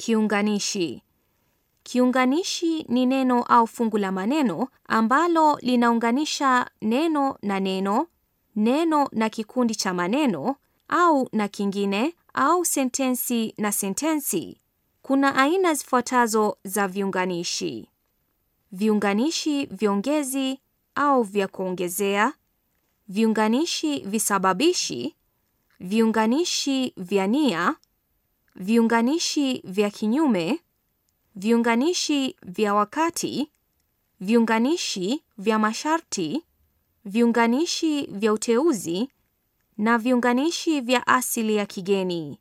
Kiunganishi. Kiunganishi ni neno au fungu la maneno ambalo linaunganisha neno na neno, neno na kikundi cha maneno au na kingine, au sentensi na sentensi. Kuna aina zifuatazo za viunganishi: viunganishi viongezi au vya kuongezea, viunganishi visababishi, viunganishi vya nia viunganishi vya kinyume, viunganishi vya wakati, viunganishi vya masharti, viunganishi vya uteuzi na viunganishi vya asili ya kigeni.